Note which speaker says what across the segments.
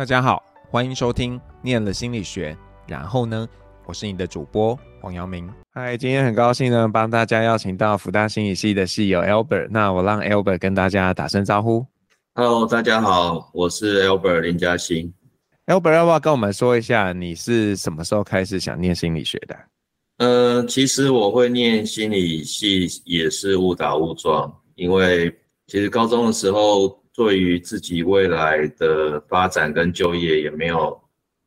Speaker 1: 大家好，歡迎收聽《念了心理學》，然後呢，我是你的主播黃陽明。嗨，今天很高興呢，幫大家邀請到輔大心理系的系友 Albert。那我讓 Albert 跟大家打聲招呼。Hello，大家好，我是 Albert 林佳興。Albert，要不要跟我們說一下你是什麼時候開始想念心理學的？
Speaker 2: 呃，其實我會念心理系也是誤打誤撞，因為其實高中的時候，對於自己未來的發展跟就業也沒有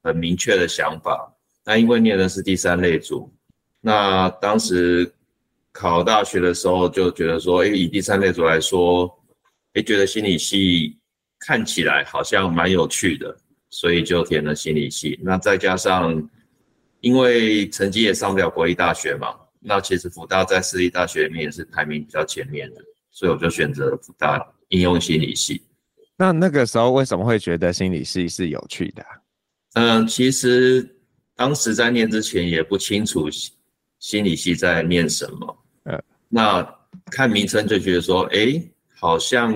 Speaker 2: 很明確的想法。但因為念的是第三類組，那當時考大學的時候就覺得說，哎，以第三類組來說，哎，覺得心理系看起來好像蠻有趣的，所以就填了心理系。那再加上因為成績也上不了國立大學嘛，那其實輔大在私立大學裡面也是排名比較前面的，所以我就選擇了輔大。應用心理系，
Speaker 1: 那那個時候為什麼會覺得心理系是有趣的、
Speaker 2: 啊？嗯，其實當時在念之前也不清楚心理系在念什麼，呃、嗯，那看名稱就覺得說，哎、欸，好像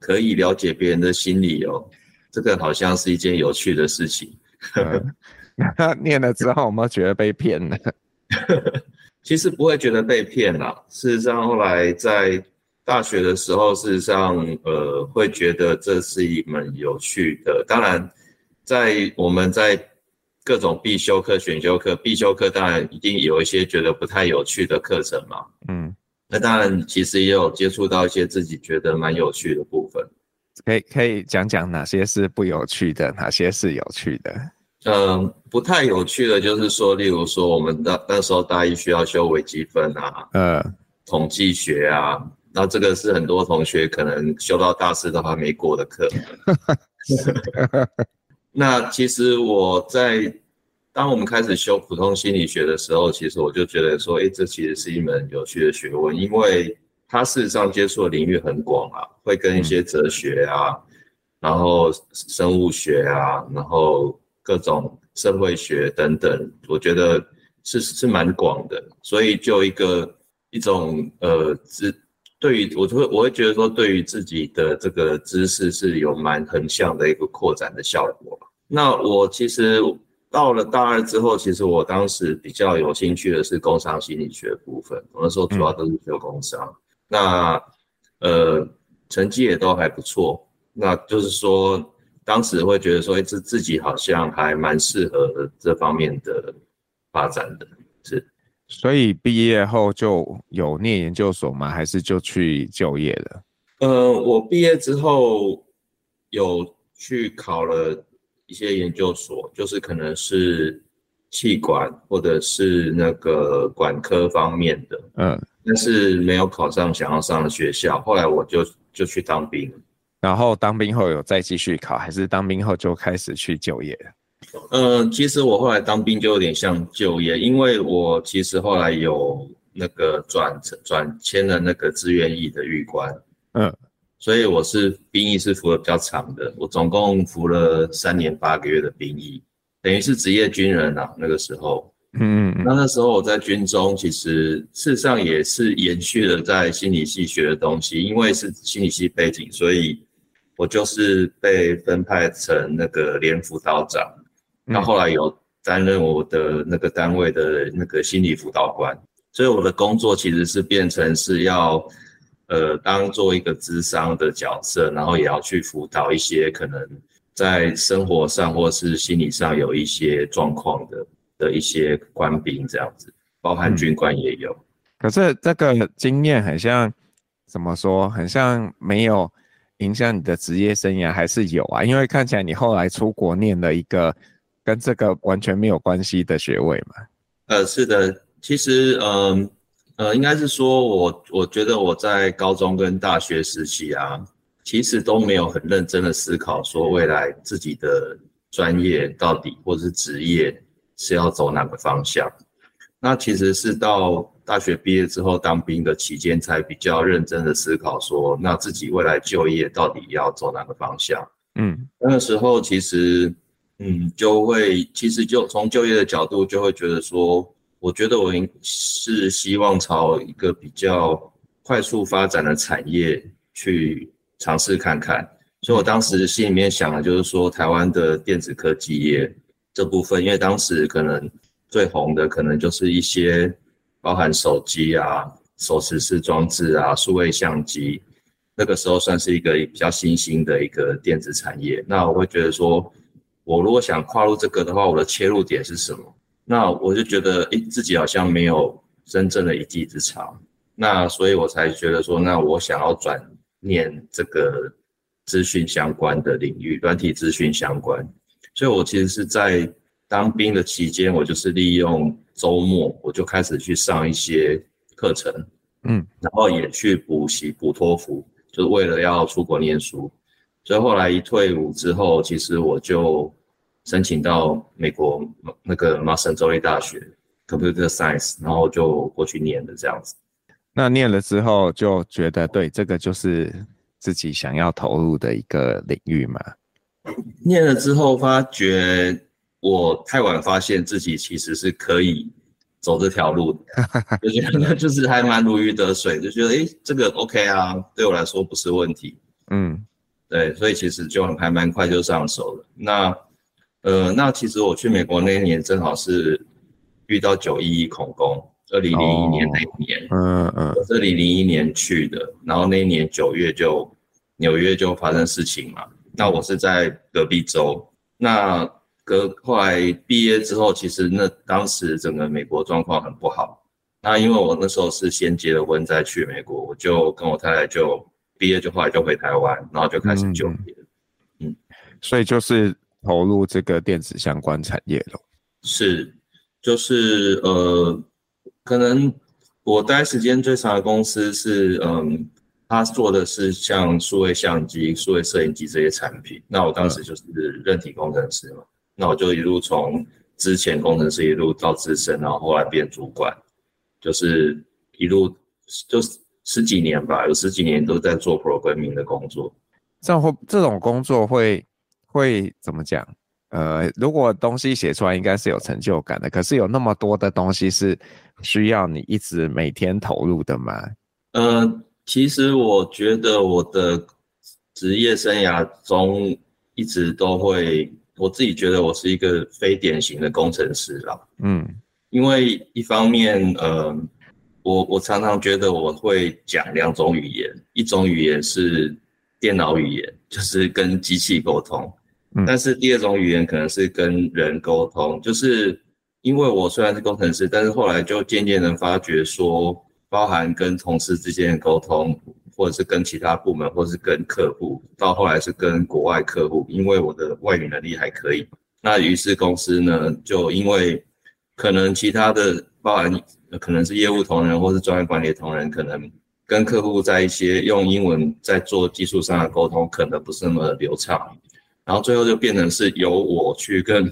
Speaker 2: 可以了解別人的心理哦，這個好像是一件有趣的事情。
Speaker 1: 嗯、念了之後我們覺得被騙了？
Speaker 2: 其實不會覺得被騙了、啊，事實上後來在。大學的時候，事實上，嗯、呃，會覺得這是一門有趣的。當然，在我們在各種必修課、選修課，必修課當然一定有一些覺得不太有趣的課程嘛。嗯，那當然，其實也有接觸到一些自己覺得蠻有趣的部分。
Speaker 1: 可以可以講講哪些是不有趣的，哪些是有趣的？
Speaker 2: 嗯、呃，不太有趣的，就是說，例如說，我們那那時候大一需要修微積分啊，呃，統計學啊。那這個是很多同學可能修到大四都還沒過的課。 那其實我在當我們開始修普通心理學的時候，其實我就覺得說，哎，這其實是一門有趣的學問，因為它事實上接觸的領域很廣啊，會跟一些哲學啊，然後生物學啊，然後各種社會學等等，我覺得是是蠻廣的。所以就一個一種呃，是。對於我就會，我會覺得說，對於自己的這個知識是有蠻橫向的一個擴展的效果吧。那我其實到了大二之後，其實我當時比較有興趣的是工商心理學部分，那時候主要都是學工商，嗯、那呃成績也都還不錯。那就是說，當時會覺得說，哎，自自己好像還蠻適合這方面的發展的
Speaker 1: 是。所以畢業後就有念研究所嗎？還是就去就業了？
Speaker 2: 呃，我畢業之後有去考了一些研究所，就是可能是企管或者是那個管科方面的，嗯、呃，但是沒有考上，想要上的學校。後來我就就去當兵，
Speaker 1: 然後當兵後有再繼續考，還是當兵後就開始去就業？
Speaker 2: 嗯、呃，其實我後來當兵就有點像就業，因為我其實後來有那個轉轉簽了那個志願役的預官，嗯，所以我是兵役是服了比較長的，我總共服了三年八個月的兵役，等於是職業軍人啦、啊。那個時候，
Speaker 1: 嗯那
Speaker 2: 那時候我在軍中其實事實上也是延續了在心理系學的東西，因為是心理系背景，所以我就是被分派成那個連輔導長。那後，後來有擔任我的那個單位的那個心理輔導官，所以我的工作其實是變成是要，呃，當做一個諮商的角色，然後也要去輔導一些可能在生活上或是心理上有一些狀況的的一些官兵這樣子，包含軍官也有、嗯
Speaker 1: 嗯。可是這個經驗很像，怎麼說？很像沒有影響你的職業生涯，還是有啊？因為看起來你後來出國念了一個。跟這個完全沒有關係的學位嗎？
Speaker 2: 呃，是的，其實，嗯、呃，呃，應該是說我，我我覺得我在高中跟大學時期啊，其實都沒有很認真的思考說未來自己的專業到底、嗯、或是職業是要走哪個方向。那其實是到大學畢業之後當兵的期間，才比較認真的思考說，那自己未來就業到底要走哪個方向？嗯，那個時候其實。嗯，就會其實就從就業的角度，就會覺得說，我覺得我應是希望朝一個比較快速發展的產業去嘗試看看。所以我當時心裡面想的就是說，台灣的電子科技業這部分，因為當時可能最紅的可能就是一些包含手機啊、手持式裝置啊、數位相機，那個時候算是一個比較新興的一個電子產業。那我會覺得說。我如果想跨入這個的話，我的切入點是什麼？那我就覺得，哎、欸，自己好像沒有真正的一技之長，那所以我才覺得說，那我想要轉念這個資訊相關的領域，軟體資訊相關。所以我其實是在當兵的期間，我就是利用周末，我就開始去上一些課程，嗯，然後也去補習，補托福，就是為了要出國念書。所以後來一退伍之後，其實我就。申請到美國那個麻省州立大學 Computer Science，然後就過去念了這樣子。
Speaker 1: 那念了之後就覺得，對，這個就是自己想要投入的一個領域嘛、嗯。
Speaker 2: 念了之後發覺，我太晚發現自己其實是可以走這條路的， 就是 就是還蠻如魚得水，就覺得哎、欸，這個 OK 啊，對我來說不是問題。嗯，對，所以其實就還蠻快就上手了。那。呃，那其實我去美國那一年正好是遇到九一一恐攻，二零零一年那一年，
Speaker 1: 嗯、哦、嗯，我二零
Speaker 2: 零一年去的，然後那一年九月就紐約就發生事情嘛。那我是在隔壁州，那隔後來畢業之後，其實那當時整個美國狀況很不好。那因為我那時候是先結了婚再去美國，我就跟我太太就畢業就後來就回台灣，然後就開始就業。嗯，嗯
Speaker 1: 所以就是。投入這個電子相關產業了，
Speaker 2: 是，就是呃，可能我待時間最長的公司是，嗯、呃，他做的是像數位相機、數位攝影機這些產品。那我當時就是韌體工程師嘛，嗯、那我就一路從之前工程師一路到資深，然後後來變主管，就是一路就是十幾年吧，有十幾年都在做 programming 的工作。
Speaker 1: 這樣會這種工作會，會怎麼講？呃，如果東西寫出來，應該是有成就感的。可是有那麼多的東西是需要你一直每天投入的嗎？
Speaker 2: 呃，其實我覺得我的職業生涯中一直都會，我自己覺得我是一個非典型的工程師啦。嗯，因為一方面，呃，我我常常覺得我會講兩種語言，一種語言是電腦語言，就是跟機器溝通。但是第二種語言可能是跟人溝通，就是因為我雖然是工程師，但是後來就漸漸的發覺說，包含跟同事之間的溝通，或者是跟其他部門，或者是跟客戶，到後來是跟國外客戶，因為我的外語能力還可以。那於是公司呢，就因為可能其他的包含可能是業務同仁，或是專業管理的同仁，可能跟客戶在一些用英文在做技術上的溝通，可能不是那麼流暢。然後最後就變成是由我去跟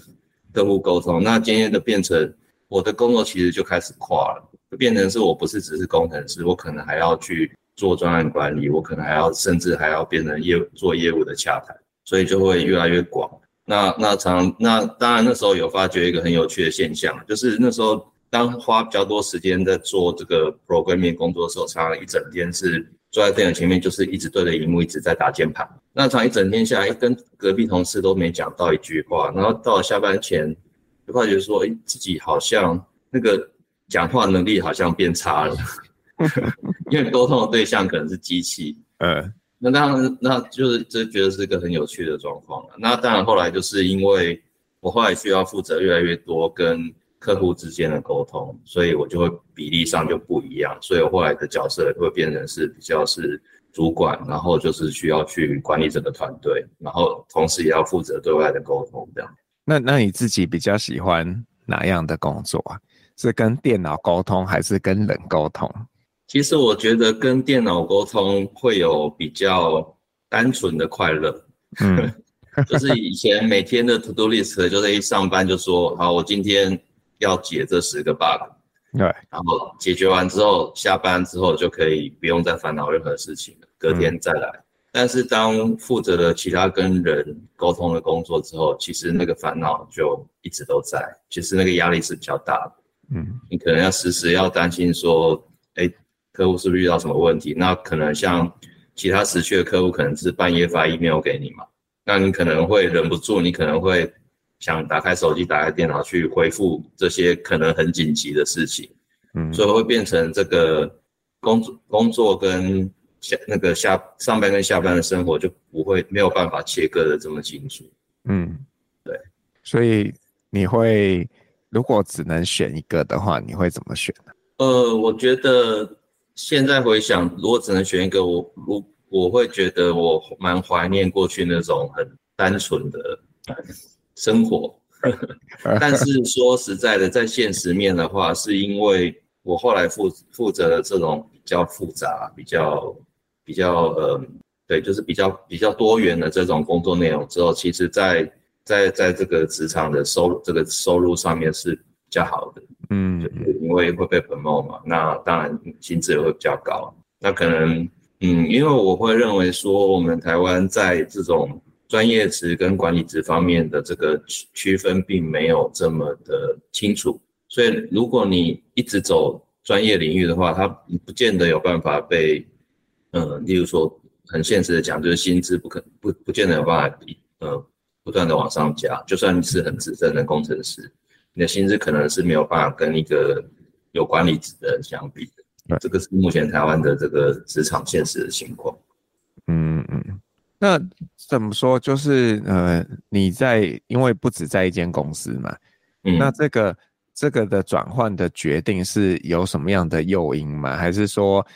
Speaker 2: 客戶溝通，那今天的變成我的工作其實就開始跨了，變成是我不是只是工程師，我可能還要去做專案管理，我可能還要甚至還要變成業做業務的洽談，所以就會越來越廣。那那常那當然那時候有發覺一個很有趣的現象，就是那時候當花比較多時間在做這個 programming 工作的時候，常常一整天是。坐在電腦前面，就是一直對着熒幕，一直在打鍵盤。那場一整天下來，跟隔壁同事都沒講到一句話。然後到了下班前，就發覺說，哎、欸，自己好像那個講話能力好像變差了， 因為溝通的對象可能是機器。嗯， 那當然，那就是這覺得是一個很有趣的狀況。那當然，後來就是因為我後來需要負責越來越多跟。客戶之間的溝通，所以我就會比例上就不一樣，所以我後來的角色會變成是比較是主管，然後就是需要去管理整個團隊，然後同時也要負責對外的溝通的。這樣。
Speaker 1: 那那你自己比較喜歡哪樣的工作啊？是跟電腦溝通，還是跟人溝通？
Speaker 2: 其實我覺得跟電腦溝通會有比較單純的快樂。嗯，
Speaker 1: 就是
Speaker 2: 以前每天的 to do list 就是一上班就說好，我今天。要解這十個 bug，對
Speaker 1: ，Right.
Speaker 2: 然後解決完之後，下班之後就可以不用再煩惱任何事情了，隔天再來。嗯。但是當負責了其他跟人溝通的工作之後，其實那個煩惱就一直都在，其實那個壓力是比較大的。嗯，你可能要時時要擔心說，哎，客戶是不是遇到什麼問題？那可能像其他時區的客戶，可能是半夜發 email 給你嘛，那你可能會忍不住，你可能會。想打開手機，打開電腦去回復這些可能很緊急的事情，嗯，所以會變成這個工作工作跟下那個下上班跟下班的生活就不會沒有辦法切割的這麼清
Speaker 1: 楚，嗯，對，所以你會，如果只能選一個的話，你會怎麼選呢？
Speaker 2: 呃，我覺得現在回想，如果只能選一個，我我我會覺得我蠻懷念過去那種很單純的。生活呵，呵 但是說實在的，在現實面的話，是因為我後來負負責了這種比較複雜、比較比較呃、嗯，對，就是比較比較多元的這種工作內容之後，其實在在在這個職場的收入，這個收入上面是比較好的，嗯，就是因為會被 promote 嘛，那當然薪資也會比較高，那可能嗯，因為我會認為說我們台灣在這種。專業職跟管理職方面的這個區區分並沒有這麼的清楚，所以如果你一直走專業領域的話，它不見得有辦法被，嗯，例如說很現實的講，就是薪資不可不不見得有辦法，呃，不斷的往上加。就算你是很資深的工程師，你的薪資可能是沒有辦法跟一個有管理職的人相比的。這個是目前台灣的這個職場現實的情況。
Speaker 1: 嗯嗯。那怎麼說？就是呃，你在因為不只在一間公司嘛，嗯，那這個這個的轉換的決定是有什麼樣的誘因嗎？還是說，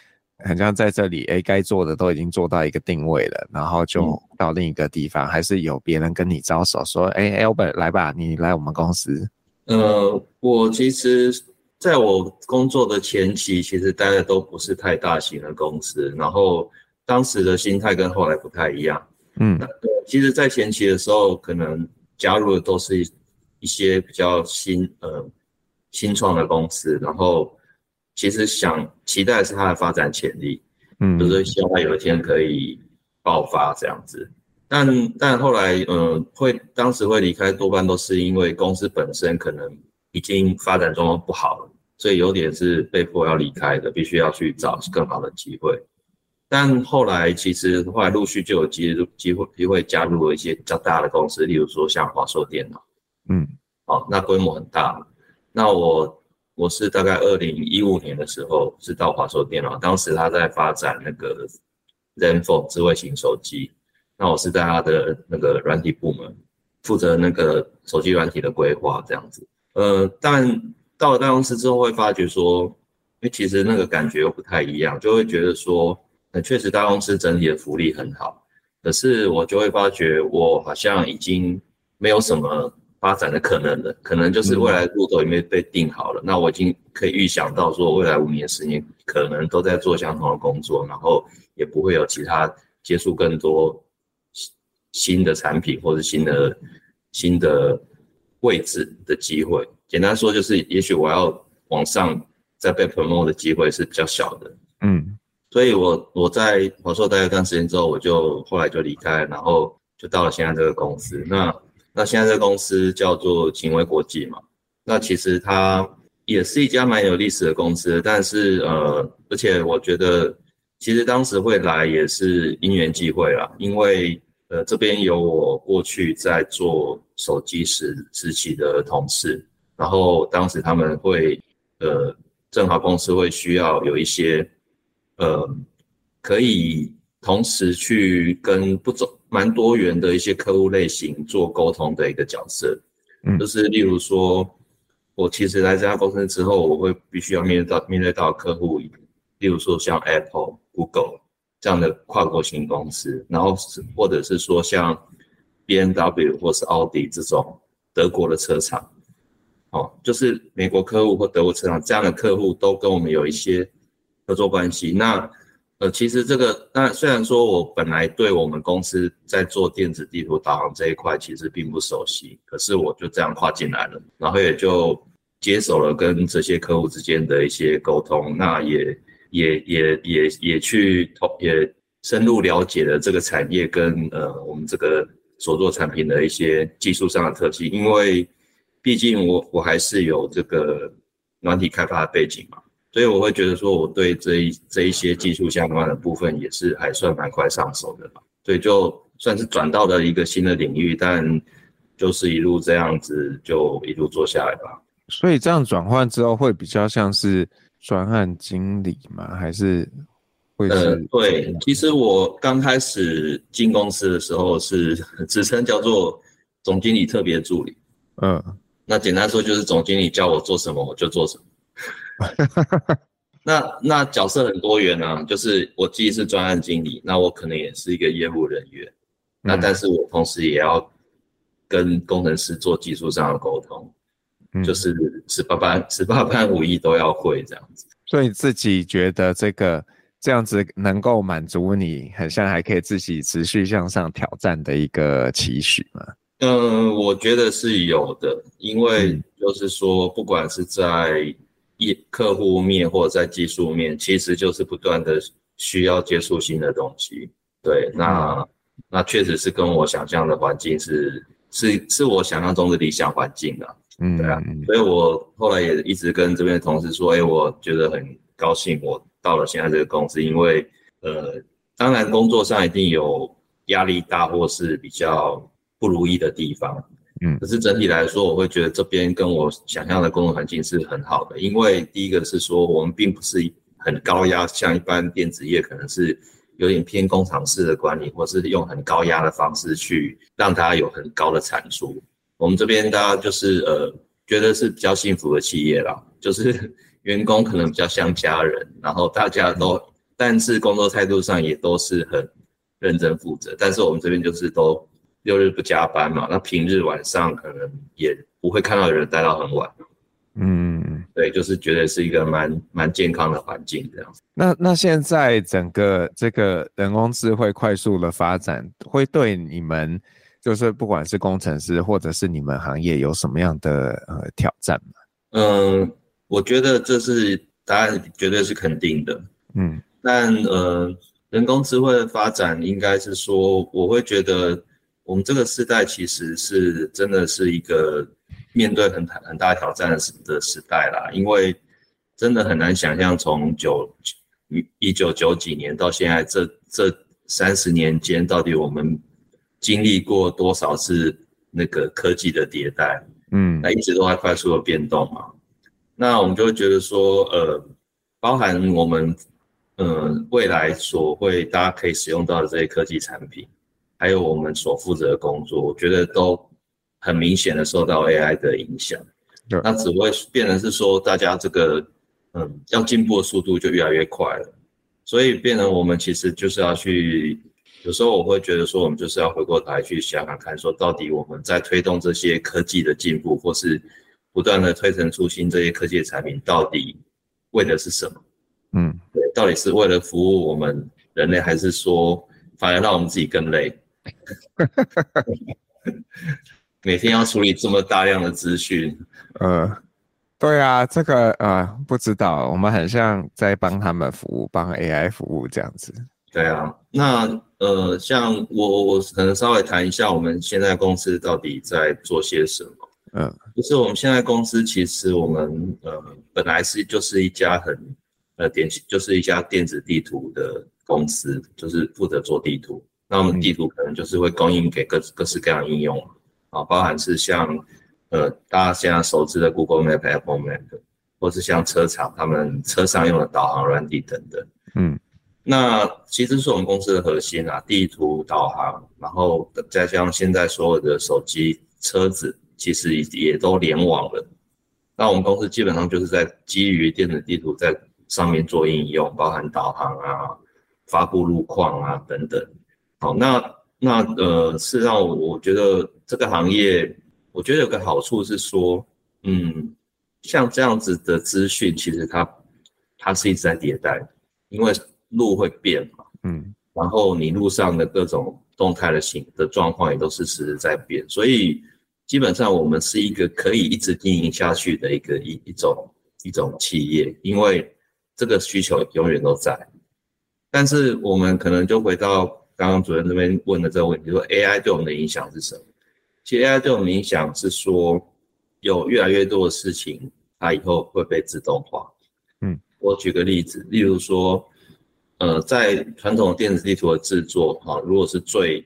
Speaker 1: 好像在這裡，誒該做的都已經做到一個定位了，然後就到另一個地方，還是有別人跟你招手說、欸，誒 Albert 來吧，你來我們公司。嗯、
Speaker 2: 呃，我其實在我工作的前期，其實待的都不是太大型的公司，然後。當時的心態跟後來不太一樣，嗯，嗯，那對，其實，在前期的時候，可能加入的都是一些比較新，呃，新創的公司，然後其實想期待的是它的發展潛力，嗯，就是希望它有一天可以爆發這樣子。嗯、但但後來，嗯、呃，會當時會離開，多半都是因為公司本身可能已經發展狀況不好了，所以有點是被迫要離開的，必須要去找更好的機會。嗯嗯但後來其實的話陸續就有機機會機會加入了一些比較大的公司，例如說像華碩電腦，嗯，好、啊，那規模很大。那我我是大概二零一五年的時候是到華碩電腦，當時他在發展那個 ZenFone 智慧型手機，那我是在他的那個軟體部門負責那個手機軟體的規劃這樣子。呃，但到了大公司之後會發覺說，因為其實那個感覺又不太一樣，就會覺得說。那確實，大公司整體的福利很好，可是我就會發覺，我好像已經沒有什麼發展的可能了。可能就是未來路途已經被定好了。嗯，那我已經可以預想到說未來五年、十年可能都在做相同的工作，然後也不會有其他接觸更多新新的產品或者新的新的位置的機會。簡單說，就是也許我要往上再被 promote 的機會是比較小的。嗯。所以，我我在華碩待了一段時間之後，我就後來就離開，然後就到了現在這個公司。那那現在這個公司叫做勤崴國際嘛。那其實它也是一家蠻有歷史的公司，但是呃，而且我覺得其實當時會來也是因緣際會啦，因為呃這邊有我過去在做手機時時期的同事，然後當時他們會呃正好公司會需要有一些。呃，可以同時去跟不走，蠻多元的一些客戶類型做溝通的一個角色，嗯，就是例如說，我其實來這家公司之後，我會必須要面對到面對到客戶，例如說像 Apple、Google 這樣的跨國型公司，然後是或者是說像 BMW 或是奧迪這種德國的車廠，哦，就是美國客戶或德國車廠這樣的客戶都跟我們有一些。合作關係，那呃，其實這個那雖然說我本來對我們公司在做電子地圖導航這一塊其實並不熟悉，可是我就這樣跨進來了，然後也就接手了跟這些客戶之間的一些溝通，那也也也也也，也去也深入了解了這個產業跟呃我們這個所做產品的一些技術上的特性，因為畢竟我我還是有這個軟體開發的背景嘛。所以我會覺得說，我對這一這一些技術相關的部分也是還算蠻快上手的吧。所以就算是轉到了一個新的領域，但就是一路這樣子，就一路做下來吧。
Speaker 1: 所以這樣轉換之後，會比較像是專案經理嗎？還是會是？呃，
Speaker 2: 對，其實我剛開始進公司的時候是，是職稱叫做總經理特別助理。嗯、呃，那簡單說就是總經理叫我做什麼，我就做什麼。 那那角色很多元啊，就是我既是專案經理，那我可能也是一個業務人員，嗯、那但是我同時也要跟工程師做技術上的溝通，嗯、就是十八般十八般武藝都要會這樣子。
Speaker 1: 所以自己覺得這個這樣子能夠滿足你，很像還可以自己持續向上挑戰的一個期許嗎？嗯、
Speaker 2: 呃，我覺得是有的，因為就是說不管是在、嗯一客戶面，或者在技術面，其實就是不斷的需要接觸新的東西。對，那那確實是跟我想象的環境是是是我想象中的理想環境啊。嗯，
Speaker 1: 對
Speaker 2: 啊，所以我後來也一直跟這邊的同事說，哎，我覺得很高興我到了現在這個公司，因為，呃，當然工作上一定有壓力大或是比較不如意的地方。嗯，可是整體來說，我會覺得這邊跟我想象的工作環境是很好的。因為第一個是說，我們並不是很高壓，像一般電子業可能是有點偏工廠式的管理，或是用很高壓的方式去讓大家有很高的產出。我們這邊大家就是呃，覺得是比較幸福的企業啦，就是員工可能比較像家人，然後大家都，但是工作態度上也都是很認真負責。但是我們這邊就是都。六日不加班嘛？那平日晚上可能也不會看到人待到很晚。嗯，對，就是覺得是一個蠻蠻健康的環境這樣子。
Speaker 1: 那那現在整個這個人工智慧快速的發展，會對你們就是不管是工程師或者是你們行業有什麼樣的呃挑戰嗎？嗯、呃，
Speaker 2: 我覺得這是答案，絕對是肯定的。嗯，但呃，人工智慧的發展應該是說，我會覺得。我們這個時代其實是真的是一個面對很大很大挑戰的的時代啦，因為真的很難想象從九一九九幾年到現在這這三十年間到底我們經歷過多少次那個科技的迭代，嗯，那一直都在快速的變動嘛，那我們就會覺得說，呃，包含我們嗯、呃、未來所會大家可以使用到的這些科技產品。還有我們所負責的工作，我覺得都很明顯的受到 AI 的影響。對那只會變成是說，大家這個嗯，要進步的速度就越來越快了。所以變成我們其實就是要去，有時候我會覺得說，我們就是要回過頭來去想想看，看，說到底我們在推動這些科技的進步，或是不斷的推陳出新這些科技的產品，到底為的是什麼？嗯，對，到底是為了服務我們人類，還是說反而讓我們自己更累？哈哈哈哈每天要處理這麼大量的資訊，
Speaker 1: 呃，對啊，這個呃不知道，我們很像在幫他們服務，幫 AI 服務這樣子。
Speaker 2: 對啊，那呃，像我我可能稍微談一下，我們現在公司到底在做些什麼？嗯、呃，就是我們現在公司其實我們呃本來是就是一家很呃典型就是一家電子地圖的公司，就是負責做地圖。那我們地圖可能就是會供應給各各式各樣的應用啊，包含是像，呃，大家現在熟知的 Google Map、Apple Map，或是像車廠他們車上用的導航軟體等等，嗯，那其實是我們公司的核心啊，地圖導航，然後再加上現在所有的手機、車子其實也也都聯網了，那我們公司基本上就是在基於電子地圖在上面做應用，包含導航啊、發布路況啊等等。好，那那呃，事實上我我覺得這個行業，我覺得有個好處是說，嗯，像這樣子的資訊，其實它它是一直在迭代，因為路會變嘛，嗯，然後你路上的各種動態的形的狀況也都是實時，時在變，所以基本上我們是一個可以一直經營下去的一個一一種一種企業，因為這個需求永遠都在，但是我們可能就回到。剛剛主任那邊問的這個問題，說 AI 對我們的影響是什麼？其實 AI 對我們的影響是說，有越來越多的事情它以後會被自動化。嗯，我舉個例子，例如說，呃，在傳統電子地圖的製作哈、啊，如果是最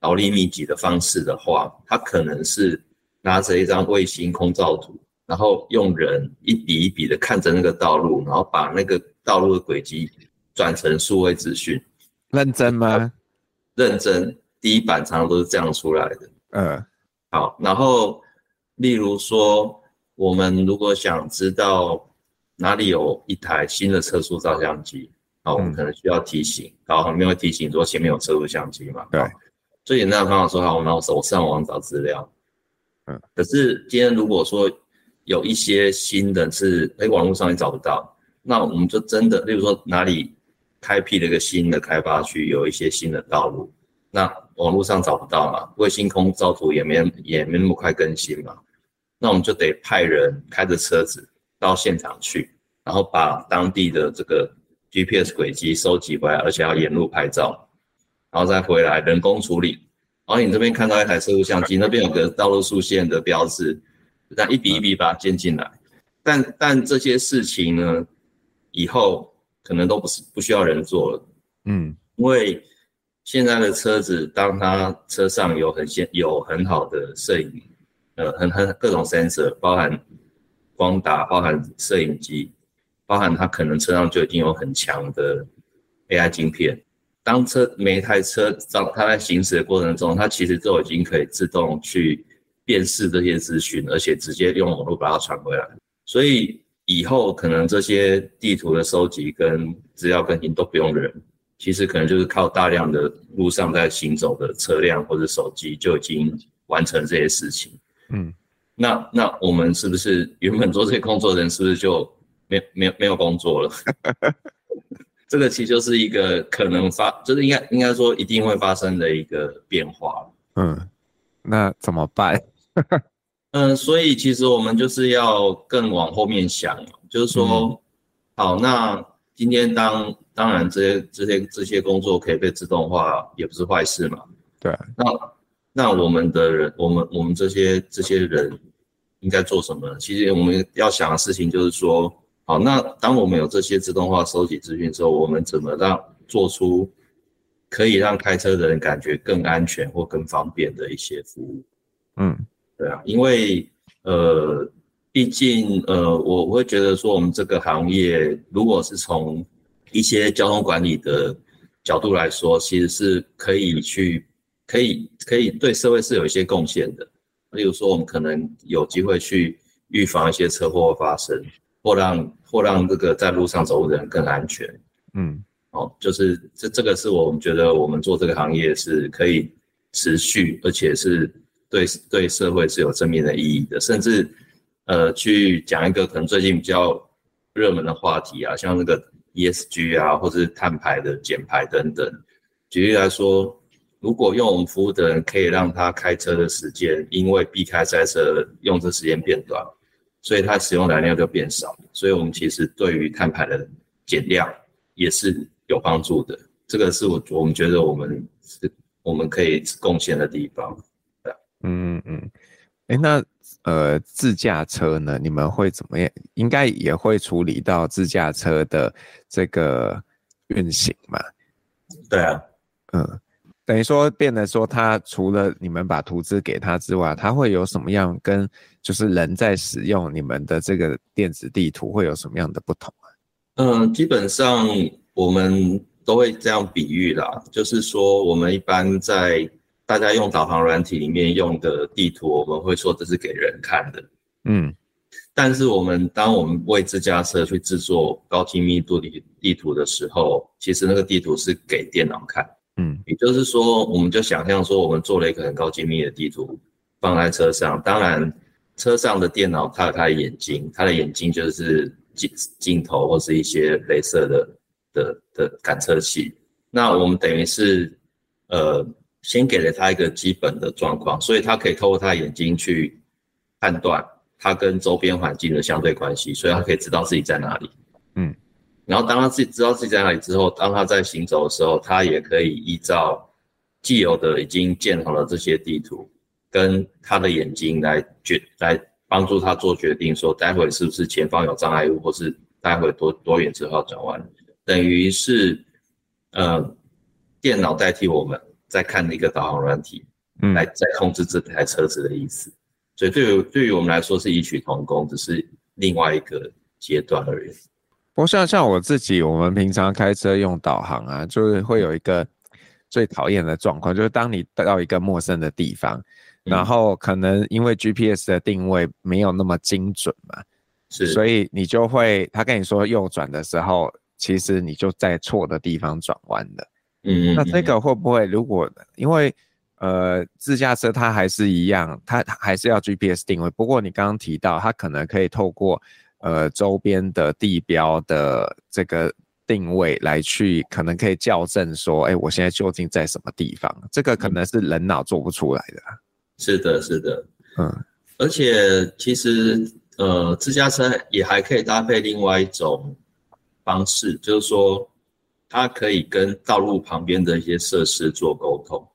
Speaker 2: 勞力密集的方式的話，它可能是拿着一張衛星空照圖，然後用人一筆一筆的看着那個道路，然後把那個道路的軌跡轉成數位資訊。
Speaker 1: 認真嗎？
Speaker 2: 認真，第一版常常都是這樣出來的。嗯，好，然後例如說，我們如果想知道哪裡有一台新的測速照相機，啊，我們可能需要提醒，然後旁邊會提醒說前面有測速相機嘛？對。最簡單的方法說，好，那我上網找資料。嗯，可是今天如果說有一些新的是哎網絡上也找不到，那我們就真的例如說哪裡？開闢了一個新的開發區，有一些新的道路，那網絡上找不到嘛，衛星空照圖也沒也沒那麼快更新嘛，那我們就得派人開着車子到現場去，然後把當地的這個 GPS 軌跡收集回來，而且要沿路拍照，然後再回來人工處理。然後你這邊看到一台攝錄相機，那邊有個道路速限的標誌，這樣一筆一筆把它建進來。但但這些事情呢，以後，可能都不是不需要人做了，嗯，
Speaker 1: 因
Speaker 2: 為現在的車子，當他車上有很先有很好的攝影，呃，很很各種 sensor，包含光達，包含攝影機，包含他可能車上就已經有很強的 AI 晶片。當車每一台車上，它在行駛的過程中，它其實就已經可以自動去辨識這些資訊，而且直接用網絡把它傳回來，所以。以後可能這些地圖的收集跟資料更新都不用人，其實可能就是靠大量的路上在行走的車輛或者手機就已經完成這些事情。嗯那，那那我們是不是原本做這些工作的人是不是就沒沒沒有工作了？ 這個其實就是一個可能發，就是應該應該說一定會發生的一個變化。嗯，
Speaker 1: 那怎麼辦？
Speaker 2: 嗯，所以其實我們就是要更往後面想，就是說，好，嗯，哦，那今天當當然這些這些這些工作可以被自動化，也不是壞事嘛。對，那那我們的人，我們我們這些這些人應該做什麼呢？其實我們要想的事情就是說，好，哦，那當我們有這些自動化收集資訊之後，我們怎麼讓做出可以讓開車的人感覺更安全或更方便的一些服務？嗯。對啊，因為呃，畢竟呃，我我會覺得說，我們這個行業，如果是從一些交通管理的角度來說，其實是可以去，可以可以對社會是有一些貢獻的。例如說，我們可能有機會去預防一些車禍發生，或讓或讓這個在路上走路的人更安全。嗯，哦，就是這這個是我們覺得我們做這個行業是可以持續，而且是。對對，對社會是有正面的意義的。甚至，呃，去講一個可能最近比較熱門的話題啊，像那個 ESG 啊，或者是碳排的減排等等。舉例來說，如果用我們服務的人，可以讓他開車的時間因為避開塞車，用車時間變短，所以他使用燃料就變少，所以我們其實對於碳排的減量也是有幫助的。這個是我我們覺得我們是我們可以貢獻的地方。
Speaker 1: 嗯嗯，哎，那呃，自駕車呢？你們會怎麼樣？應該也會處理到自駕車的這個運行嘛？對啊，嗯，等於說，變得說，它除了你們把圖資給他之外，它會有什麼樣跟就是人在使用你們的這個電子地圖會有什麼樣的不同啊？嗯，
Speaker 2: 基本上我們都會這樣比喻啦，就是說我們一般在。大家用導航軟體裡面用的地圖，我們會說，這是給人看的，嗯。但是我們，當我們為自駕車去制作高精密度的地圖的時候，其實那個地圖是給電腦看，嗯。也就是說，我們就想象說，我們做了一個很高精密度的地圖放在車上，當然車上的電腦它有它的眼睛，它的眼睛就是鏡鏡頭或是一些雷射的的的的感測器。那我們等於是呃。先給了他一個基本的狀況，所以他可以透過他的眼睛去判斷他跟周邊環境的相對關係，所以他可以知道自己在哪裡。嗯，然後當他自己知道自己在哪裡之後，當他在行走的時候，他也可以依照既有的已經建好了這些地圖，跟他的眼睛來決來幫助他做決定，說待會是不是前方有障礙物，或是待會多多遠之後要轉彎。等於是，嗯，電腦代替我們。在看一個導航軟體，來在控制這台車子的意思，嗯、所以對於對於我們來說是異曲同工，只是另外一個階段而已。不
Speaker 1: 過像像我自己，我們平常開車用導航啊，就是會有一個最討厭的狀況，就是當你到一個陌生的地方，嗯、然後可能因為 GPS 的定位沒有那麼精準嘛，是，所以你就會他跟你說右轉的時候，其實你就在錯的地方轉彎了。嗯，那這個會不會，如果因為呃，自駕車它還是一樣，它還是要 GPS 定位。不過你剛剛提到，它可能可以透過呃周邊的地標的這個定位來去，可能可以校正說，哎，我現在究竟在什麼地方？這個可能是人腦做不出來的。
Speaker 2: 是的，是的，
Speaker 1: 嗯。
Speaker 2: 而且其實呃，自駕車也還可以搭配另外一種方式，就是說。它可以跟道路旁邊的一些設施做溝通，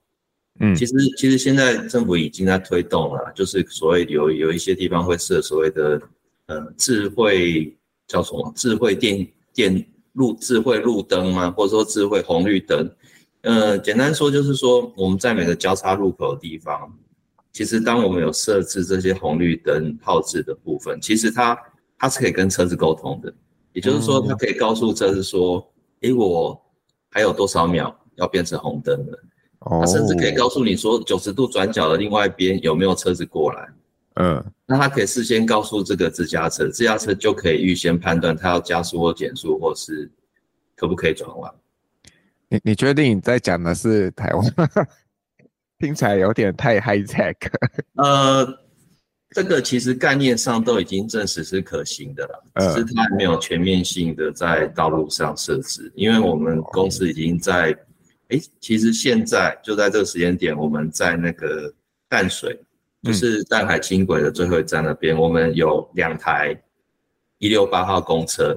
Speaker 2: 嗯，其實其實現在政府已經在推動了，就是所謂有有一些地方會設所謂的，呃，智慧叫什麼？智慧電電路智慧路燈嘛，或者說智慧紅綠燈？呃，簡單說就是說我們在每個交叉路口的地方，其實當我們有設置這些紅綠燈控制的部分，其實它它是可以跟車子溝通的，也就是說它可以告訴車子說。如、欸、我還有多少秒要變成紅燈了？他、
Speaker 1: oh, 甚至可
Speaker 2: 以告訴你說九十度轉角的另外一邊有沒有車子過來。嗯，uh, 那他可以事先告訴這個自駕車，自駕車就可以預先判斷它要加速或減速，或是可不可以轉彎。你
Speaker 1: 你確定你在講的是台灣？ 聽起來有點太 high tech。 呃。
Speaker 2: 這個其實概念上都已經證實是可行的了，只是它還沒有全面性的在道路上設置。因為我們公司已經在，誒，其實現在就在這個時間點，我們在那個淡水，就是淡海輕軌的最後一站那邊，我們有兩台一六八號公車，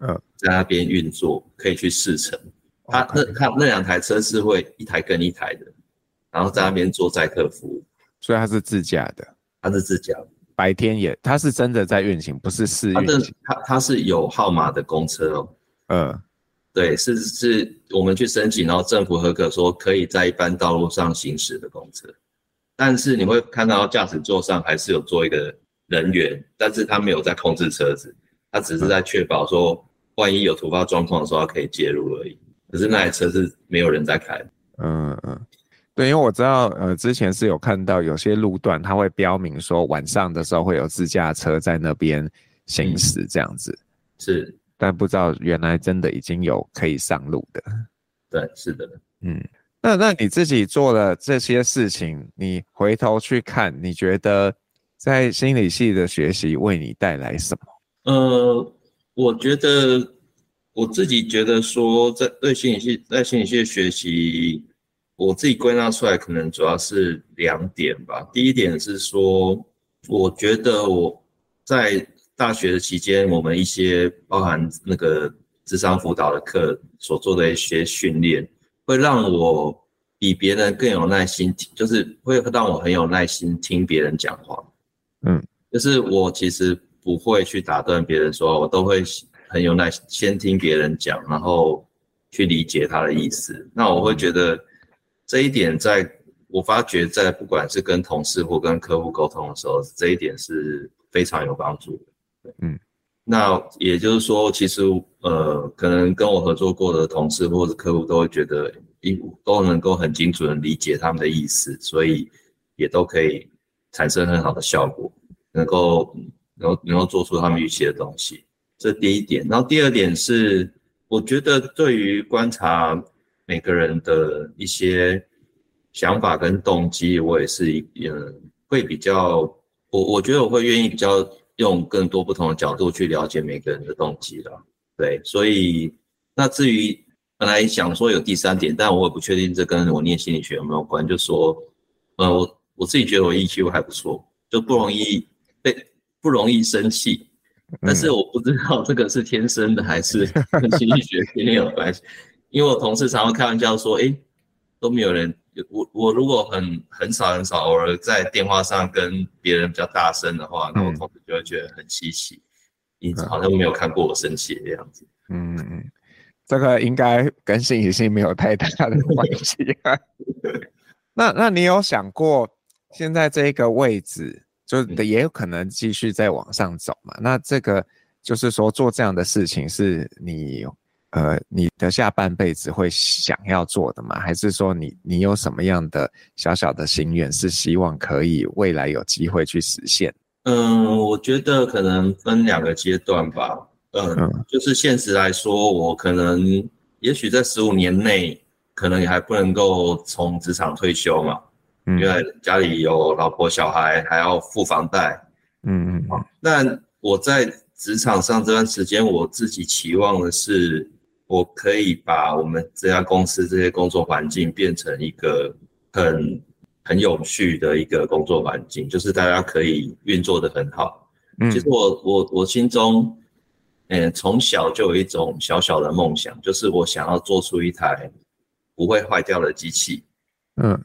Speaker 2: 嗯，在那邊運作，可以去試乘。它那它那兩台車是會一台跟一台的，然後在那邊做載客服務，
Speaker 1: 所以它是自駕的。他是自駕，白天也他是真的在運行，不是試運行。他他是
Speaker 2: 有號碼的公車哦！嗯，對，是是，我們去申請，然後政府合格說可以在一般道路上行駛的公車。但是你會看到駕駛座上還是有坐一個人員，嗯、但是他沒有在控制車子，他只是在確保說萬一有突發狀況的時候可以介入而已。可是那台車是沒有人在開。嗯。嗯嗯。
Speaker 1: 對，因為我知道，呃，之前是有看到有些路段，它會標明說晚上的時候會有自駕車在那邊行駛，這樣子、嗯、是，但不知道原來真的已經有可以上路的。
Speaker 2: 對，是的，嗯，
Speaker 1: 那那你自己做了這些事情，你回頭去看，你覺得在心理系的學習為你帶來什麼？
Speaker 2: 呃，我覺得我自己覺得說，在對心理系，在心理系的學習。我自己歸納出來，可能主要是兩點吧。第一點是說，我覺得我在大學的期間，我們一些包含那個諮商輔導的課所做的一些訓練，會讓我比別人更有耐心聽，就是會讓我很有耐心聽別人講話。嗯，就是我其實不會去打斷別人，說我都會很有耐心先聽別人講，然後去理解他的意思。嗯、那我會覺得。這一點在，在我發覺，在不管是跟同事或跟客戶溝通的時候，這一點是非常有幫助的。嗯，那也就是說，其實呃，可能跟我合作過的同事或者客戶都會覺得，一都能夠很精準理解他們的意思，所以也都可以產生很好的效果，能夠能能夠做出他們預期的東西。嗯，這第一點，然後第二點是，我覺得對於觀察。每個人的一些想法跟動機，我也是一嗯，會比較，我我覺得我會願意比較用更多不同的角度去了解每個人的動機的。對，所以那至於本來想說有第三點，但我也不確定這跟我念心理學有沒有關。就說，呃，我我自己覺得我 EQ 還不錯，就不容易被不容易生氣，但是我不知道這個是天生的還是跟、嗯、 心理學訓練有關係。因為我同事常會開玩笑說：“哎，都沒有人……我我如果很很少很少偶爾在電話上跟別人比較大聲的話，那我、嗯、同事就會覺得很稀奇，你、嗯、好像沒有看過我生氣的樣子。嗯”
Speaker 1: 嗯，這個應該跟生理性沒有太大的關係。 那那你有想過，現在這個位置就也有可能繼續再往上走嘛？嗯、那這個就是說做這樣的事情是你。呃，你的下半輩子會想要做的嗎？還是說你你有什麼樣的小小的心願，是希望可以未來有機會去實現？嗯，
Speaker 2: 我覺得可能分兩個階段吧。嗯，嗯就是現實來說，我可能也許在十五年內，可能還不能夠從職場退休嘛，因為家裡有老婆小孩，還要付房貸。嗯嗯，那我在職場上這段時間，我自己期望的是。我可以把我們這家公司這些工作環境變成一個很很有趣的一個工作環境，就是大家可以運作得很好。嗯，其實我我我心中，嗯、呃，從小就有一種小小的夢想，就是我想要做出一台不會壞掉的機器。嗯，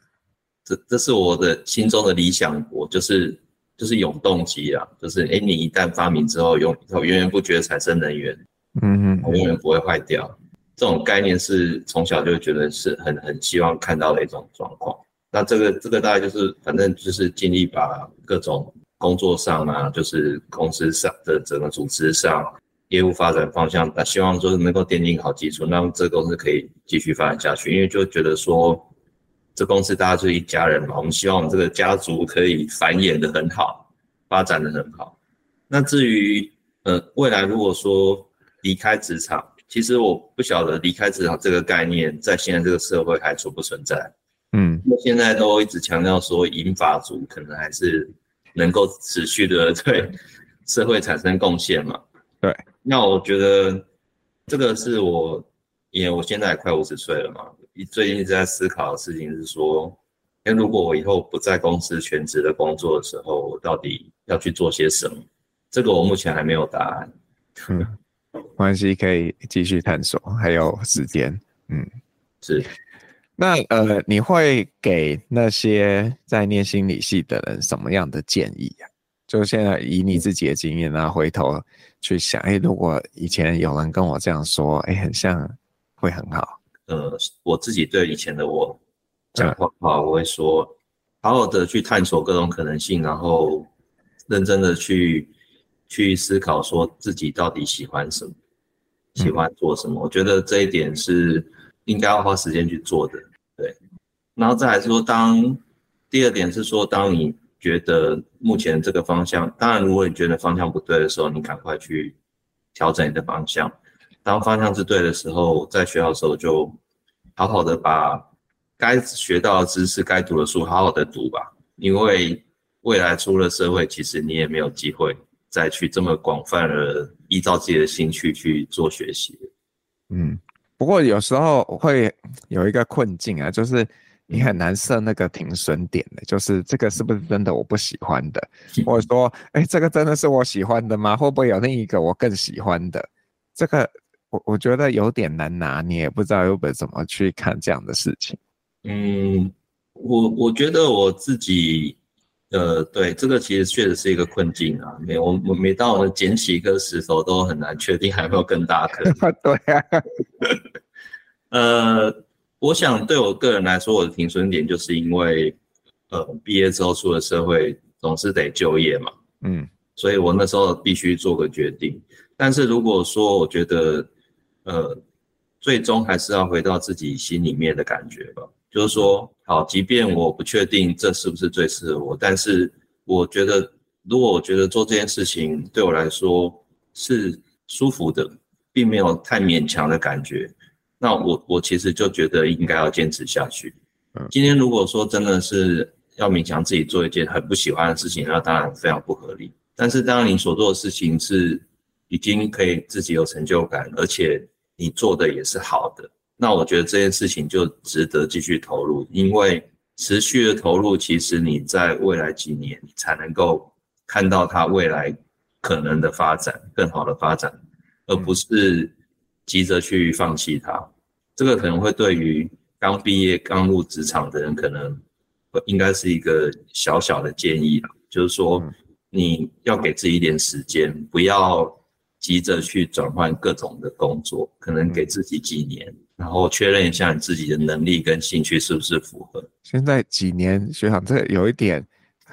Speaker 2: 這這是我的心中的理想，我就是就是永動機啊，就是誒你一旦發明之後，永，源源不絕產生能源。嗯嗯，永遠不會壞掉，這種概念是從小就覺得是很很希望看到的一種狀況。那這個這個大概就是，反正就是盡力把各種工作上啊，就是公司上的整個組織上，業務發展方向，那希望就是能夠奠定好基礎，讓這個公司可以繼續發展下去。因為就覺得說，這公司大家就是一家人嘛，我們希望這個家族可以繁衍的很好，發展的很好。那至於呃未來如果說，離開職場，其實我不曉得離開職場這個概念在現在這個社會還存不存在。
Speaker 1: 嗯，
Speaker 2: 那現在都一直強調說，銀髮族可能還是能夠持續的對社會產生貢獻嘛。對，那我覺得這個是我，因為我現在也快五十歲了嘛，最近一直在思考的事情是說，那如果我以後不在公司全職的工作的時候，我到底要去做些什麼？這個我目前還沒有答案。嗯
Speaker 1: 關係，可以繼續探索，還有時間，嗯，是。那呃，你會給那些在念心理系的人什麼樣的建議呀？就現在以你自己的經驗然後回頭去想，哎，如果以前有人跟我這樣說，哎，很像，會很好。
Speaker 2: 呃，我自己對以前的我講話的話，像我會說，好好的去探索各種可能性，然後認真的去去思考，說自己到底喜歡什麼。嗯、喜歡做什麼？我覺得這一點是應該要花時間去做的。對，然後再來說當，當第二點是說，當你覺得目前這個方向，當然如果你覺得方向不對的時候，你趕快去調整你的方向。當方向是對的時候，在學校的時候就好好的把該學到的知識、該讀的書好好的讀吧。因為未來出了社會，其實你也沒有機會再去這麼廣泛的。依照自己的興趣去做學習，嗯，
Speaker 1: 不過有時候會有一個困境啊，就是你很難設那個停損點的，就是這個是不是真的我不喜歡的，或者、嗯、說，哎、欸，這個真的是我喜歡的嗎？會不會有另一個我更喜歡的？這個我我覺得有點難拿捏，你也不知道有本怎麼去看這樣的事情。嗯，
Speaker 2: 我我覺得我自己。呃，對，這個其實確實是一個困境啊。每我我每到我撿起一顆石頭，都很難確定還有沒有更大顆。 對啊 呃，我想對我個人來說，我的停損點就是因為，呃，畢業之後出了社會，總是得就業嘛。嗯。所以我那時候必須做個決定。但是如果說我覺得，呃，最終還是要回到自己心裡面的感覺吧。就是說，好，即便我不確定這是不是最適合我，嗯，但是我覺得，如果我覺得做這件事情對我來說是舒服的，並沒有太勉強的感覺，那我我其實就覺得應該要堅持下去。嗯，今天如果說真的是要勉強自己做一件很不喜歡的事情，那當然非常不合理。但是當你所做的事情是已經可以自己有成就感，而且你做的也是好的。那我覺得這件事情就值得繼續投入，因為持續的投入，其實你在未來幾年你才能夠看到它未來可能的發展，更好的發展，而不是急着去放棄它。這個可能會對於剛畢業、剛入職場的人，可能應該是一個小小的建議，就是說你要給自己一點時間，不要急着去轉換各種的工作，可能給自己幾年。然後確認一下你自己的能力跟興趣是不是符合。
Speaker 1: 現在幾年學長這有一點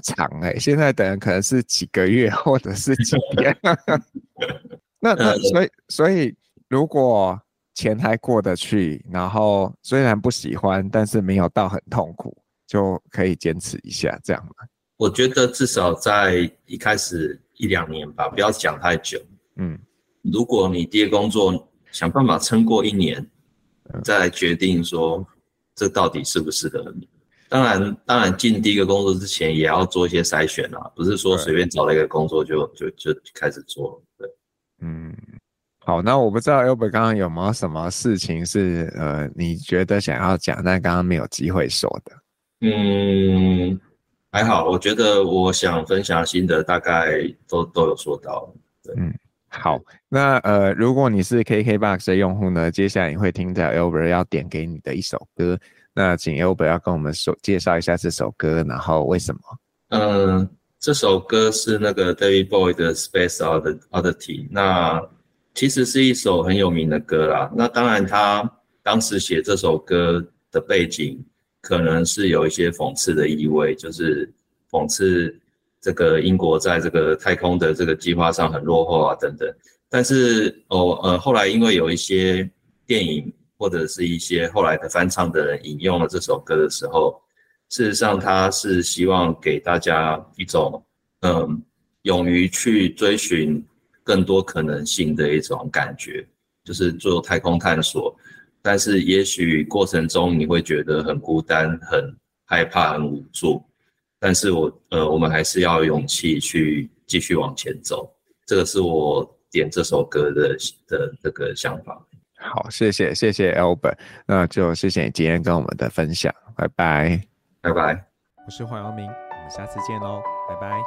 Speaker 1: 長哎、欸，現在等可能是幾個月或者是幾天 那那，所以所以，如果錢還過得去，然後雖然不喜歡，但是沒有到很痛苦，就可以堅持一下這樣。
Speaker 2: 我覺得至少在一開始一兩年吧，不要講太久。嗯，如果你第一工作想辦法撐過一年。再來決定說，這到底適不適合你？當然，當然進第一個工作之前也要做一些篩選啦、啊，不是說隨便找了一個工作就對就就，就開始做。對，
Speaker 1: 嗯，好，那我不知道 Albert 剛剛有沒有什麼事情是呃，你覺得想要講，但剛剛沒有機會說的？
Speaker 2: 嗯，還好，我覺得我想分享心得大概都都有說到，對，嗯。
Speaker 1: 好，那呃，如果你是 KKBOX 的用戶呢，接下來你會聽到 Albert 要點給你的一首歌。那請 Albert 要跟我們說介紹一下這首歌，然後為什麼？嗯、
Speaker 2: 呃，這首歌是那個 David Bowie 的《Space Oddity》，那其實是一首很有名的歌啦。那當然，他當時寫這首歌的背景，可能是有一些諷刺的意味，就是諷刺。這個英國在這個太空的這個計劃上很落後啊，等等。但是哦，呃，後來因為有一些電影或者是一些後來的翻唱的人引用了這首歌的時候，事實上他是希望給大家一種，嗯，勇於去追尋更多可能性的一種感覺，就是做太空探索。但是也許過程中你會覺得很孤單、很害怕、很無助。但是我呃，我們還是要有勇氣去繼續往前走，這個是我點這首歌的
Speaker 1: 的這個想法。好，謝謝謝謝 Albert，那就謝謝你今天跟我們的分享，拜拜拜拜，我是黃陽明，我們下次見嘍，拜拜。